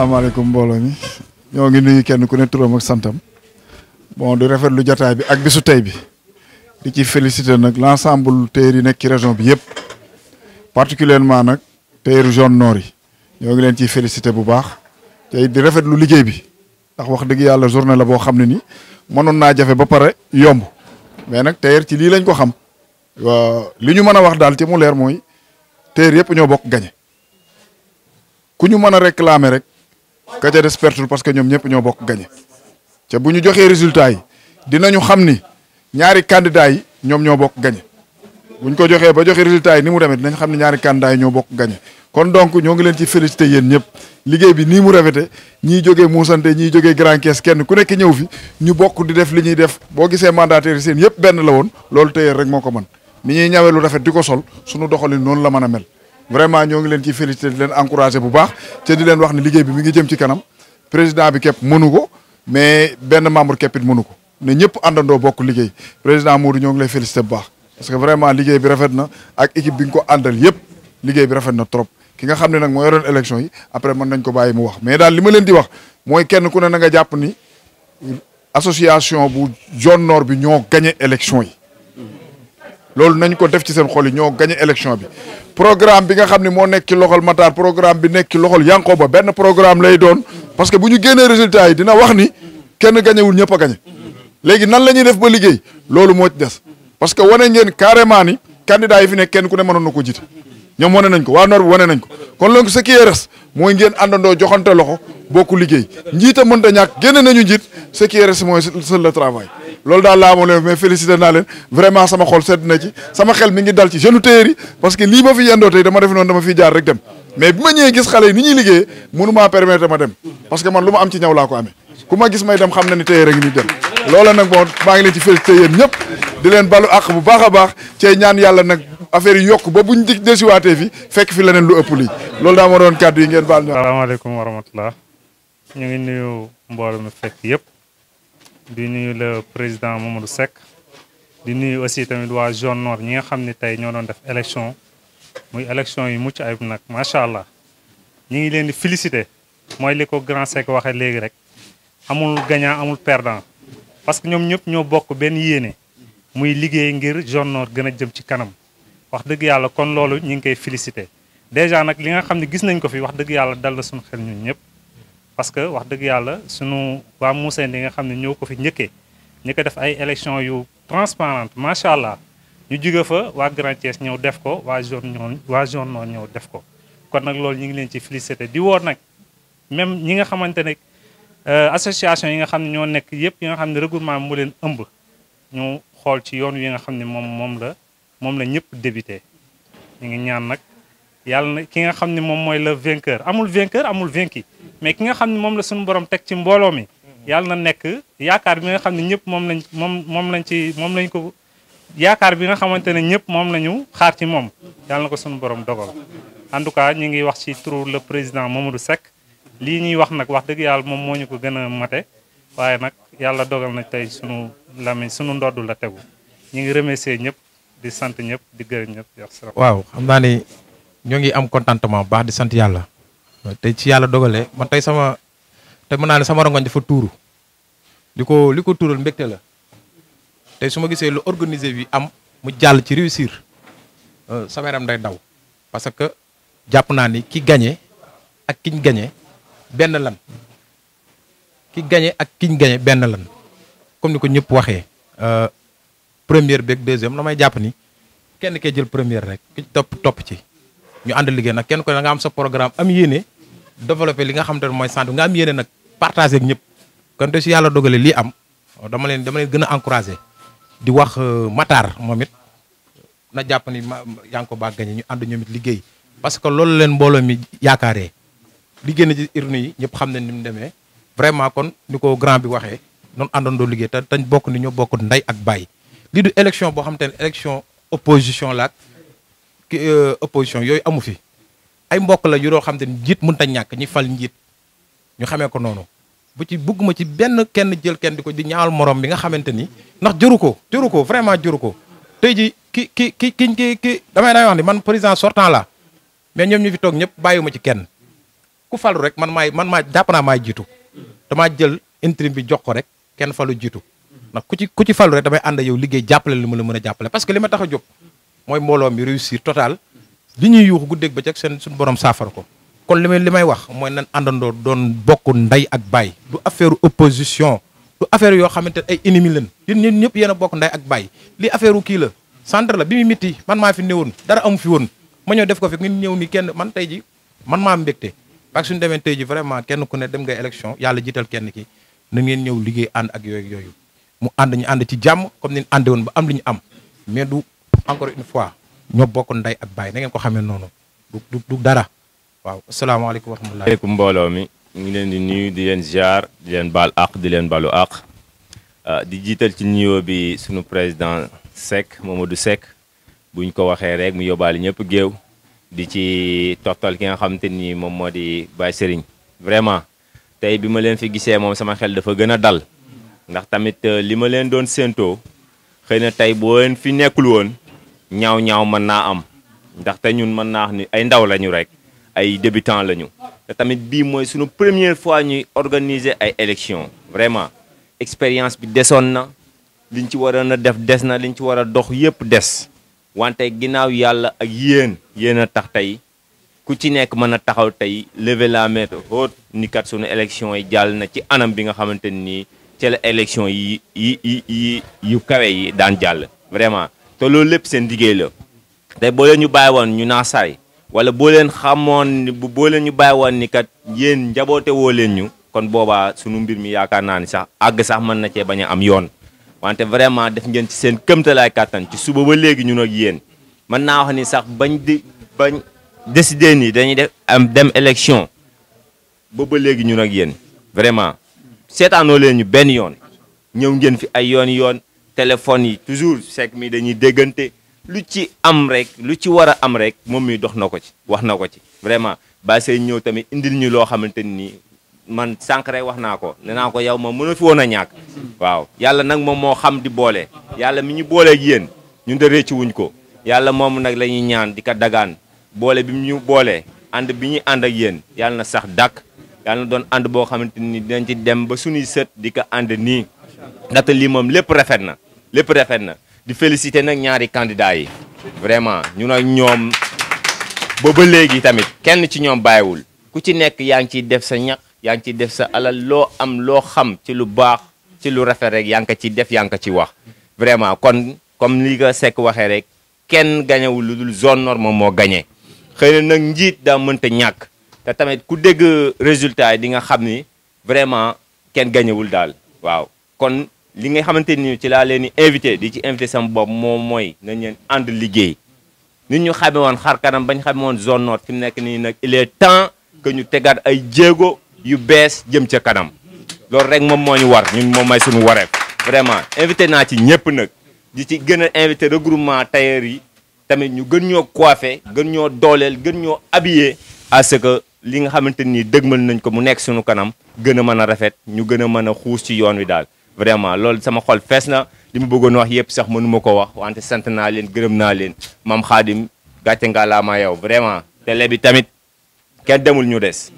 salaamaaleykum mbooloo mi ñoo ngi nuyu kenn ku ne turam ak santam bon du rafet lu jataay bi ak bisu tey bi di ci féliciter nag l' ensemble tailleurs yi nekk ci région bi yëpp particulièrement nag tailleurs zone nord yi ñoo ngi leen ciy féliciter bu baax tey di rafet lu liggéey bi ndax wax dëgg yàlla journée la boo xam ne ni mënoon naa jafe ba pare yomb mais nag tailleur ci lii lañ ko xam li ñu mën a wax daal ci mu leer mooy tailleur yëpp ñoo bokk gañe ku ñu mën a réclamer rek ka ca des pertul parce que ñoom ñëpp ñoo bokk gañe ca bu ñu joxee résultat yi dina ñu xam ni ñaari candidats yi ñoom ñoo bokk gañe ñu ko joxee ba joxe résultat yi ni mu demee dinañ xam ne ñaari candidats yi ñoo bokk gañe kon donc ñoo ngi leen ci félicité yéen ñëpp liggéey bi nii mu rafete ñiy jógee muusante ñiy jógee grand caisse kenn ku nekk ñëw fi ñu bokk di def li ñuy def boo gisee mandataires yi seen yëpp benn la woon loolu tey rek moo ko mën ni ñuy ñawee lu rafet di ko sol suñu doxalin noonu la mën a mel vraiment ñoo ngi leen ci félicité di leen encouragé bu baax te di leen wax ne liggéey bi mi ngi jëm ci kanam président bi képp mënu ko mais benn membre képp mënu ko ne ñëpp àndandoo bokk liggéey président Modou ñoo ngi lay félicité bu baax parce que vraiment liggéey bi rafet na ak équipe bi nga ko àndal yëpp liggéey bi rafet na trop ki nga xam ne nag moo yoroon élection yi après mën nañ ko baay mu wax mais daal li ma leen di wax mooy kenn ku ne na nga jàpp ni association bu zone nord bi ñoo gagné élection yi loolu nañ ko def ci seen xol yi ñoo gagné élection bi programme bi nga xam ne moo nekk ci loxol Matar programme bi nekk ci loxol Yankoba benn programme lay doon parce que bu ñu génnee résultat yi dina wax ni kenn gañewul ñëpp a gañe léegi nan la ñuy def ba liggéey loolu moo ci des parce que wane ngeen carrément ni candidat yi fi nekk kenn ku ne mënoon na ko jiite ñoom wane nañ ko waa noor bi wane nañ ko kon loolu ce qui reste mooy ngeen àndandoo joxante loxo bokku liggéey njiita mënta ñàkk génne nañu njiit ce qui reste mooy seul loolu daa laa amoon mais félicité naa leen vraiment sama xol sedd na ci sama xel mi ngi dal ci jeune tailleur parce que lii ma fi yendoo tey dama def noonu dama fiy jaar rek dem mais bi ma ñëwee gis xale yi ni ñuy liggéey mënu maa permettre ma dem parce que man lu ma am ci ñaw laa ko amee ku ma gis may dem xam na ni tailleur a ngi ni dem loola nag bon maa ngi leen ci félicité yéen ñëpp di leen balu àq bu baax a baax cee ñaan yàlla nag affaire yi yokk ba buñ di desiwaatee fi fekk fi leneen lu ëpp lii loolu daa ma doon kàddu yi ngeen baal ñu. ngi nuyu mbooloo mi fekk yëpp di nuyu le président Mamadou Seck di nuy aussi tamit waa zone nord ñi nga xam ne tey ñoo doon def élection muy élection yu mucc ayib nag macha allah ñi ngi leen di féliciter mooy li ko grand Seck waxee léegi rek amul gagnant amul perdant parce que ñoom ñëpp ñoo bokk benn yéene muy liggéey ngir zone nord gën a jëm ci kanam wax dëgg yàlla kon loolu ñi ngi koy féliciter déjà nag li nga xam ne gis nañ ko fi wax dëgg yàlla dal na suñu xel ñun ñëpp. parce que wax dëgg yàlla sunu waa Moussène yi nga xam ne ñëw ko fi njëkkee ñu ko def ay élection yu transparente macha allah ñu jóge fa waa Grand Thiès ñëw def ko waa zone ñoo waa zone noonu ñëw def ko. kon nag loolu ñu ngi leen ci félicité di woor nag même ñi nga xamante ne euh, association yi nga xam ne ñoo nekk yëpp yi nga xam ne regroupement mu leen ëmb ñu xool ci yoon yi nga xam ne moom moom la moom la ñëpp débuté ñu ngi ñaan nag. yàlla na ki nga xam ne moom mooy le vainqueur amul vainqueur amul vaincu mais ki nga xam ne moom la suñu borom teg ci mbooloo mi yàlla na nekk yaakaar bi nga xam ne ñëpp moom lañ moom moom lañ ci moom lañ ko yaakaar bi nga xamante ne ñëpp moom lañu xaar ci moom yàlla na ko suñu borom dogal en tout cas ñu ngi wax ci turu la président moom Mamadou sekk lii ñuy wax nag wax dëgg yàlla moom moo ñu ko gën a mate waaye nag yàlla dogal na tey sunu lamiñ sunu ndodd la tegu ñu ngi remercier ñëpp di sant ñëpp di gërëm ñoo ngi am contentement baax di sant yàlla tey ci yàlla dogalee ma tey sama te mën naa ne sama rongoñ dafa tuuru li ko li ko tuural mbégte la tey su ma gisee lu organisé bi am mu jàll ci réussir euh, sama yaram day daw parce que jàpp naa ni ki gañe ak kiñ gañe benn lan ki gañe ak kiñ gañe benn lan comme ni ko ñëpp waxee euh, première beeg deuxième la may jàpp ni kenn kee jël première rek ki topp topp ci ñu ànd liggéey nag kenn ko da nga am sa programme am yéene développé li nga xam te ne mooy santé nga am yéene nag partagé ak ñëpp kon te su yàlla dogalee lii am dama leen dama leen gën a encouragé di wax euh, Matar moom it na jàpp ni ma yaa ngi ko baa gañe ñu ànd ñoom liggéey parce que loolu leen mbooloo mi yaakaaree liggéey na ci urne yi ñëpp xam ne ni mu demee vraiment kon ni ko grand bi waxee noonu àndandoo liggéey ta tañ bokk ni ñoo bokk nday ak baay lii du élection boo xam te ne élection opposition laak Euh, opposition yooyu amu fi ay mbokk la yu doo xam te ni njiit mënut a ñàkk ñi fal njiit ñu xamee ko noonu bu ci bugguma ci benn kenn jël kenn di ko di ñaawal moroom bi nga xamante ni ndax jëru ko jëru ko vraiment jëru ko tey ji ki ki ki ki ki ki damay damay wax ni man président sortant la mais ñoom ñu fi toog ñëpp bàyyiwuma ci kenn ku falu rek man maay man maa jàpp naa maay jiitu damaa jël intérim bi jox ko rek kenn falu jiitu ndax ku ci ku ci falu rek damay ànd yow liggéey jàppale la mën a jàppale parce que lima tax a jóg mooy mbooloo mi réussir total li ñuy yuuxu guddeeg bëccëg seen suñu borom saafara ko kon li may li may wax mooy nan àndandoo doon bokk ndey ak baay du affaire opposition affaire yoo xamante ay ennemi lañ ñun ñëpp yéen a bokk ndey ak baay lii affaire u kii centre la bi muy métti man maa fi néewoon dara amu fi woon ma ñëw def ko fi ngeen ñëw ni kenn man tey ji man maa mbégte parce suñ suñu demee tey ji vraiment kenn ku ne dem nga élection yàlla jital kenn ki na ngeen ñëw liggéey ànd ak yooyu yooyu mu ànd ñu ànd ci jàmm comme ni ñu woon ba am li ñu am mais du encore une fois ñoo bokk nday ak baay na ngeen ko xamee noonu du du dara waaw asalaamaaleykum wa rahmatulah. waaleykum mbooloo mi ñu ngi leen di nuyu di leen ziar di leen baal àq di leen balu àq ah, di jiital ci nuyoo bi sunu président Seck du Seck buñ ko waxee rek mu yóbbaale ñëpp géew di ci toftal ki nga xamante ni moom moo di Baye Serigne vraiment tey bi ma leen fi gisee moom sama xel dafa gën a dal ndax tamit euh, li ma leen doon séentoo xëy na tey boo leen fi nekkul woon. ñaaw-ñaaw mën naa am ndaxte ñun mën naa wax ni ay ndaw lañu rek ay débutants lañu te tamit bii mooy sunu première fois ñuy organiser ay élections vraiment expérience bi desoon na liñ ci waroon a def des na liñ ci war a dox yépp des wante ginnaaw yàlla ak yéen yéen a tax tey ku ci nekk mën a taxaw tey lever la main ni kat sunu élection yi jàll na ci anam bi nga xamante ni ci la élection yi yi yi yi yu kawe yi daan jàll vraiment te loolu lépp seen liggéey la tey boo ñu bàyyi woon ñu naa saay wala boo leen xamoon boo leen ñu bàyyi woon ni kat yéen njaboote woo leen ñu kon boobaa sunu mbir mi yaakaar naa ni sax àgg sax mën na cee bañ a am yoon wante vraiment def ngeen ci seen këmtalaay kàttan ci suba ba léegi ñun ak yéen mën naa wax ni sax bañ di bañ décider ni dañuy def am dem élection ba léegi ñun ak yéen vraiment seetaanoo leen ñu benn yoon ñëw ngeen fi ay yoon yoon téléphone yi toujours Seck mi dañuy déggante lu ci am rek lu ci war a am rek moom mi dox na ko ci wax na ko ci vraiment ba ñëw tamit indil ñu loo xamante ni man sànq wax naa ko nee naa ko yow ma mën a fi woon a ñàkk waaw yàlla nag moom moo xam di boole yàlla mi ñu booleeg yéen ñu de réccu wuñ ko yàlla moom nag la ñuy ñaan di ko dagaan boole bi ñu boolee ànd bi ñuy ànd ak yéen yàlla na sax dàkk yàlla na doon ànd boo xamante ni dinañ ci dem ba suñuy sët di ko ànd nii ndaxte lii moom lépp rafet na lépp rafet na di féliciter nag ñaari candidats yi vraiment ñu nag ñoom ba léegi tamit kenn ci ñoom bàyyiwul ku ci nekk yaa ngi ciy def sa ñax yaa ngi ciy def sa alal loo am loo xam ci lu baax ci lu rafet rek yaa ngi ko ciy def yaa ngi ko ciy wax vraiment kon comme li ko Seck waxee rek kenn gañewul lu dul zone nord moo gañee xëy na nag njiit daa mënta ñàkk te tamit ku dégg résultat yi di nga xam ni vraiment kenn gañewul daal waaw kon li nga xamante ni ci laa leen di invité di ci invité sama moom mooy nañ leen ànd liggéey nit ñu xame woon xar kanam ba bañ xame woon zone nord fi mu nekk nii nag il temps que ñu tegaat ay jéego yu bees jëm ca kanam loolu rek moom moo ñu war ñun moom may suñu wareef vraiment invité naa ci ñëpp nag di ci gën a invité regroupement tailleur yi tamit ñu gën ñoo coiffé gën ñoo dooleel gën ñoo habillé à que li nga xamante ni dëgmal nañ ko mu nekk sunu kanam gën a mën a rafet ñu gën a mën a xuus ci yoon wi daal vraiment loolu sama xol fees na li mu bëggoon wax yëpp sax mënu ma ko wax wante sant naa leen gërëm naa leen maam xaadim gàcce nga laa ma yow vraiment télé bi tamit kenn demul ñu des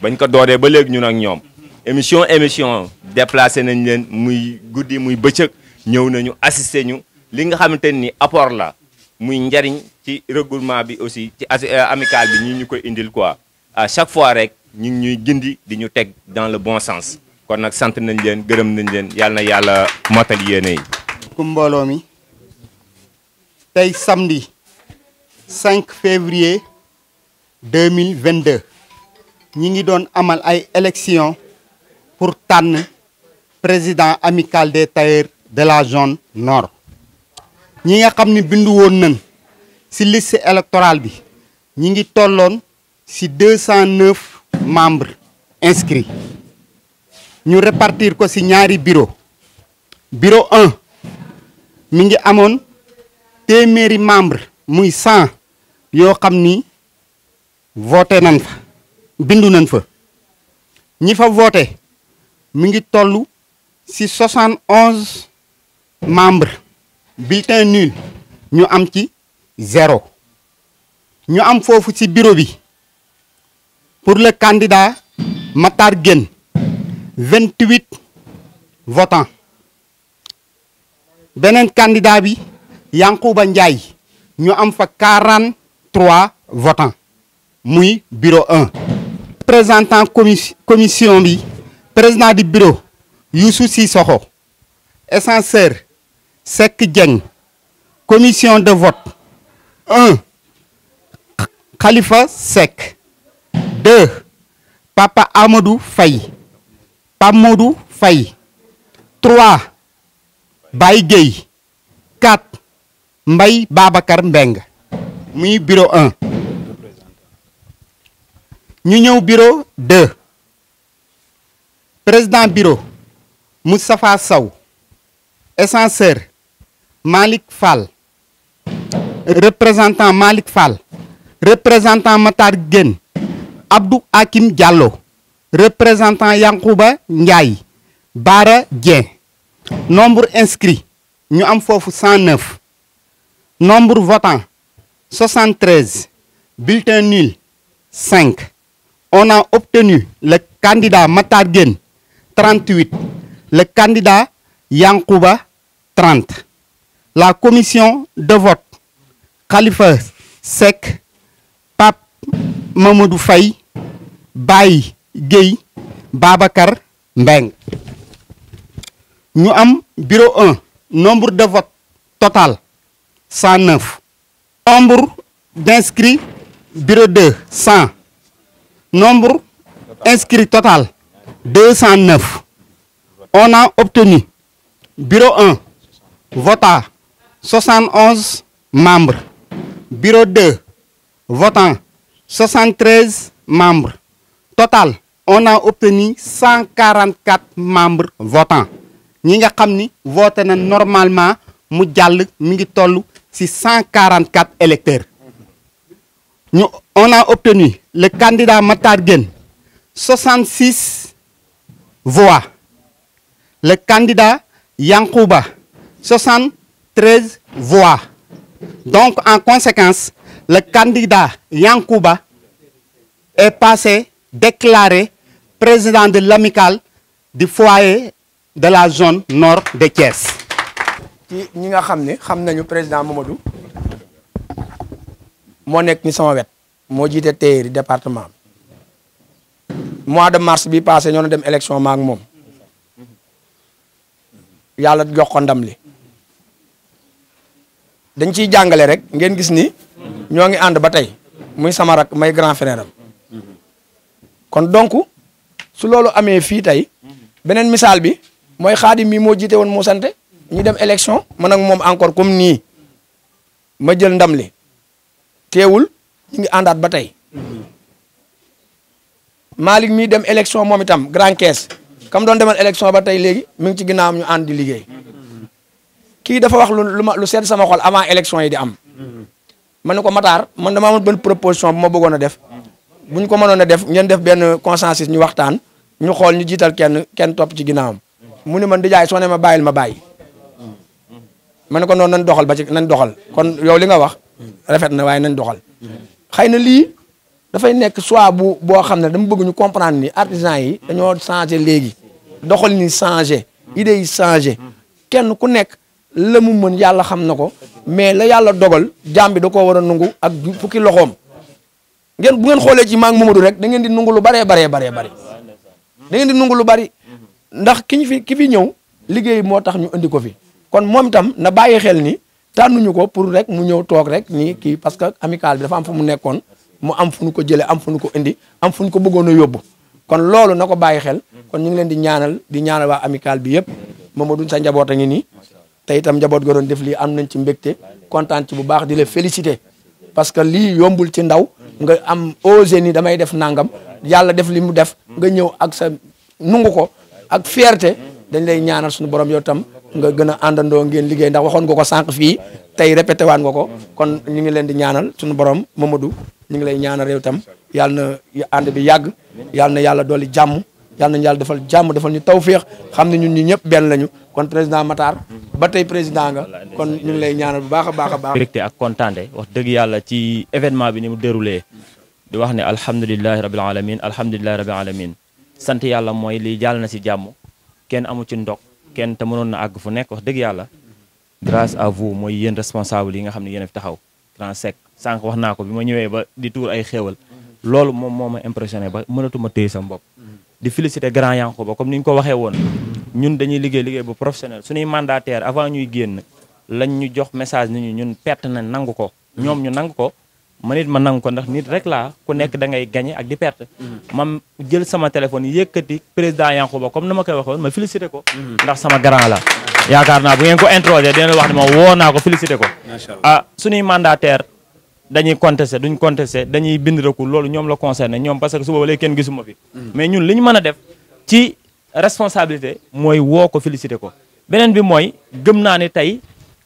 bañ ko doodee ba léegi ñu ak ñoom émission émission déplacé nañ leen muy guddi muy bëccëg ñëw nañu assister ñu li nga xamante ni apport la muy njariñ ci regroupement bi aussi ci euh, amicale bi ñu ñu ko indil quoi à chaque fois rek ñu ngi ñuy gindi di ñu teg dans le bon sens kon nag sant nañ leen gërëm nañ leen yàlla na yàlla motal yéene yi. ku mbooloo mi tey samedi 5 février 2022 ñi ngi doon amal ay élections pour tànn président amical des tailleurs de la zone nord. ñi nga xam ni bindu woon nañ ci liste électorale bi ñi ngi tolloon ci 209 membres inscrits. ñu répartir ko ci ñaari bureau bureau un mi ngi amoon téeméeri membre muy cent yoo xam ni voté nañ fa bindu nañ fa ñi fa voté mi ngi tollu ci soixante onze membre bulletin nul ñu am ci zéro ñu am foofu ci bureau bi pour le candidat Matar Guène 28 votants beneen candidat bi Yankuba Ndiaye ñu am fa 43 votants muy bureau 1. représentant commission bi président du bureau Youssou Sissoko censeur sek Dieng commission de vote 1 Khalifa Papa Amadou fay Pape Modou Faye 3 Baye Gueye 4 Mbaye Babacar Mbeng muy bureau 1 ñu ñëw bureau 2 président bureau Moustapha saw Essenseur Malick Fall représentant Malick Fall représentant Matar Guène Abdou Hakim Diallo représentant Yankouba Ndiaye Bara Dieng nombre inscrit ñu am foofu 109 nombre votant 73 bulletin nul 5 on a obtenu le candidat Matar Gueye le candidat Yankouba 30 la commission de vote Khalifa Seck Pape Mamadou Faye Baye Guèye Babacar Mbeng ñu am bureau 1 nombre de vote total 109 nombre d'inscrits bureau 2 100 nombre inscrit total 209 on a obtenu bureau 1 vota 71 membres bureau 2 votant 73 membres total on a obtenu 144 membres votants ñi nga xam ni voté na normalement mu jàll mingi ngi toll ci 144 électeurs ñu on a obtenu le candidat Matar Gueye 66 voix le candidat Yankouba 73 voix donc en conséquence le candidat Yankouba est passé déclaré président de l'amicale du foyer de la zone nord de Thiès. ci ñi nga xam ne xam nañu président Mamadou moo nekk ni sama wet moo jiite téeri département mois de mars bi passé ñoo na dem élection maak moom yàlla jox ko ndam li dañ ciy jàngale rek ngeen gis ni ñoo ngi ànd ba tey muy sama rak may grand frère kon donc su loolu amee fii tey beneen misaal bi mooy xaadim mii moo jiite woon moo sante ñu dem élection ma ak moom encore comme nii ma jël ndam li teewul ñu ngi àndaat ba tey Malick mii dem élection moom itam grand caisse kam doon demal élection ba tey léegi mi ngi ci ginnaawam ñu ànd di liggéey kii dafa wax lu lu ma lu seet sama xol avant élection yi di am. ma ne ko Matar man dama amoon benn proposition bu ma bëggoon a def bu ñu ko mënoon a def ngeen def benn consensus ñu waxtaan ñu xool ñu jiital kenn kenn topp ci ginnaawam mu ne man di jaay soo ma bàyyil ma bàyyi ma ne ko noonu nañ doxal ba ci nañ doxal kon yow li nga wax rafet na waaye nañ doxal xëy na lii dafay nekk choix bu boo xam ne dama bëgg ñu comprendre ni artisan yi dañoo changé léegi doxal ni changé idée yi changé kenn ku nekk la mu mën yàlla xam na ko mais la yàlla dogal jaam da koo war a nangu ak fukki loxoom ngeen bu ngeen xoolee ci maa ngi Momadou rek da ngeen di nungu lu baree baree baree bari da ngeen di nungu lu bari ndax ki ñu fi ki fi ñëw liggéey moo tax ñu indi ko fi kon moom itam na bàyyi xel ni tànnuñu ko pour rek mu ñëw toog rek nii kii parce que amical bi dafa am fu mu nekkoon mu am fu ñu ko jëlee am fu ñu ko indi am ko bëggoon a yóbbu kon loolu na ko bàyyi xel kon ñu ngi leen di ñaanal di ñaanal waa amical bi yëpp Momadou sa njaboot a ngi nii te itam njaboot ga doon def lii am nañ ci mbégte kontaan ci bu baax di la féliciter parce que lii yombul ci ndaw nga am osé ni damay def nangam yàlla def li mu def nga ñëw ak sa nungu ko ak fierté dañ lay ñaanal suñu borom yow tam nga gën a àndandoo ngeen liggéey ndax waxoon nga ko sànq fii tey répété waan nga ko kon ñu ngi leen di ñaanal suñu borom Mamadou ñu ngi lay ñaanal yow tam yàlla na ànd bi yàgg yàlla na yàlla dolli jàmm yàlla nañu yàlla defal jàmm defal ñu tawféex xam ne ñu ñi ñëpp benn lañu kon président Matar ba tey président nga kon ñu lay ñaanal bu baax a baax a baax. directe ak kontaante wax dëgg yàlla ci événement bi ni mu déroulé di wax ne alhamdulilahi rabil alamin alhamdulilahi rabil alamin sant yàlla mooy lii jàll na si jàmm kenn amu ci ndog kenn te mënoon na àgg fu nekk wax dëgg yàlla grâce à vous mooy yéen responsable yi nga xam ne yéen a taxaw grand sec sànq wax naa ko bi ma ñëwee ba di tuur ay xéewal loolu moom moo ma impressionné ba mënatuma téye sam bopp di féliciter grand Yankuba comme ni ñu ko waxee woon ñun dañuy liggéey liggéey bu professionnel suñuy mandataire avant ñuy génn lañ ñu jox message ni ñu ñun perte na nangu ko ñoom ñu nangu ko ma nit ma nangu ko ndax nit rek laa ku nekk da ngay gagné ak di perte mm-hmm. mam jël sama téléphone yëkkati président Yankuba comme na ma koy waxee woon ma féliciter ko mm-hmm. ndax sama grand la yaakaar naa bu ngeen ko introduire dina la wax ne ma woo naa ko féliciter ko ah suñuy ma dañuy contesté duñ contesté dañuy bind loolu ñoom la concerné ñoom parce que su booba léegi kenn gisuma fi mm. mais ñun li ñu mën a def ci responsabilité mooy woo ko félicité ko beneen bi mooy gëm naa ne tey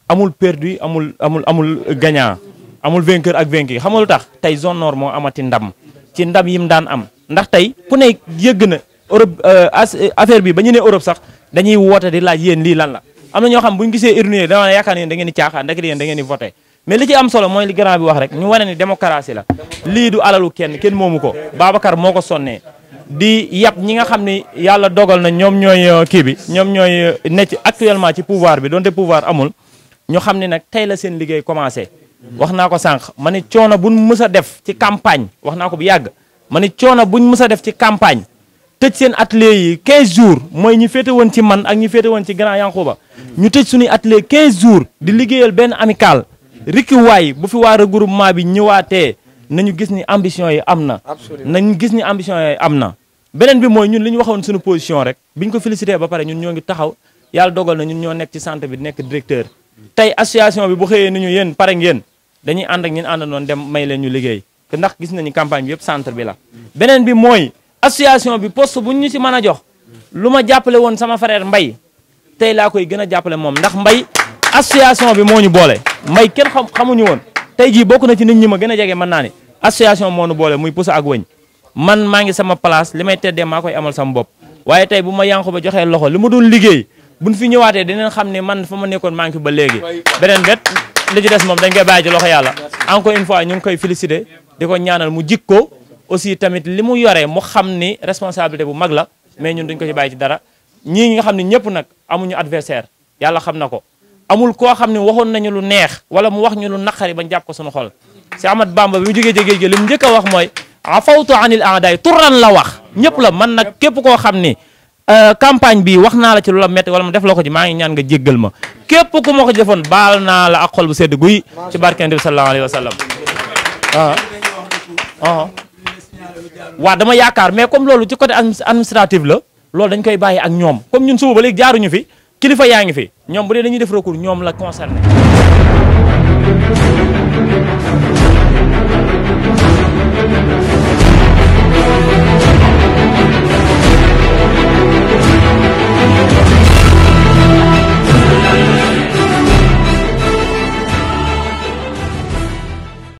amul perdu amul amul amul gagnant amul vainqueur ak vaincu xam lu tax tey zone nord moo amati ndam ci ndam yim daan am ndax tey ku ne yëgg na Europe euh, euh, affaire bi ba ñu ne Europe sax dañuy woote di laaj yéen lii lan la am na ñoo xam bu gisee urne yi dana yaakaar ne yéen da ngeen di mais li ci am solo mooy li grand bi wax rek ñu wane ni démocratie la lii du alalu kenn kenn moomu ko Babacar moo ko sonnee di yàpp ñi nga xam ni yàlla dogal na ñoom ñooy euh, kii bi ñoom ñooy euh, ne ci actuellement ci pouvoir bi donte pouvoir amul ñu xam ne nag tey la seen liggéey commencé wax naa ko sànq ma ne coono buñ mës a def ci campagne wax naa ko bu yàgg ma ne bu buñ mës a def ci campagne tëj seen atelier yi 15 jours mooy ñi féete woon ci man ak ñi féete woon ci grand Yankuba ñu tëj suñuy atelier 15 jours di liggéeyal benn amical rikiwaay bu fi waa regroupement bi ñëwaatee nañu gis ni ambition yi am na. nañu gis ni ambition yi am na. beneen bi mooy ñun li ñu waxoon sunu position rek bi ñu ko félicité ba pare ñun ñoo ngi taxaw yàlla dogal na ñun ñoo nekk ci centre bi nekk directeur. tey association bi bu xëyee ni ñu yéen pare ngeen dañuy ànd ak ñun àndanoon dem may leen ñu liggéey ndax gis nañu campagne bi yëpp centre bi la. beneen bi mooy association bi post bu ñu ci mën a jox lu ma jàppale woon sama frère Mbaye tey laa koy gën a jàppale moom ndax Mbaye association bi moo ñu boole may kenn xam xamuñu woon tey jii bokk na ci nit ñi ma gën a jege man naa ne association moo ñu boole muy Poussa ak wëñ man maa ngi sama place li may teddee maa koy amal sama bopp waaye bu ma yànqu ba joxee loxo li ma doon liggéey buñ fi ñëwaatee dinañ xam ne man fa ma nekkoon maa ba léegi beneen bet li ci des moom dañ koy bàyyi ci loxo yàlla encore une fois ñu ngi koy félicité di ko ñaanal mu jikko aussi tamit li mu yore mu xam ni responsabilité bu mag la mais ñun duñ ko ci bàyyi ci dara ñii nga xam ne ñëpp nag amuñu adversaire yàlla xam na ko amul koo xam ne waxoon nañu lu neex wala mu wax ñu lu naqari bañ jàpp ko suñu xol si Ahmad Bamba bi mu jógee ci géej gi mu njëkk wax mooy afawtu anil aadaay turan la wax ñëpp la man nag képp koo xam ni euh, campagne bi wax naa la ci lu la mu def la ko ci maa ngi ñaan nga jéggal ma képp ku ma ko defoon baal naa la ak xol bu sedd guy ci barkeen bi sallallahu alayhi wa sallam ah. Ah. waaw dama yaakaar mais comme loolu ci côté administratif la loolu dañ koy bàyyi ak ñoom comme ñun suba ba léegi jaaruñu fi kilifa yaa ngi fi ñoom bu dee dañuy def recours ñoom la concerné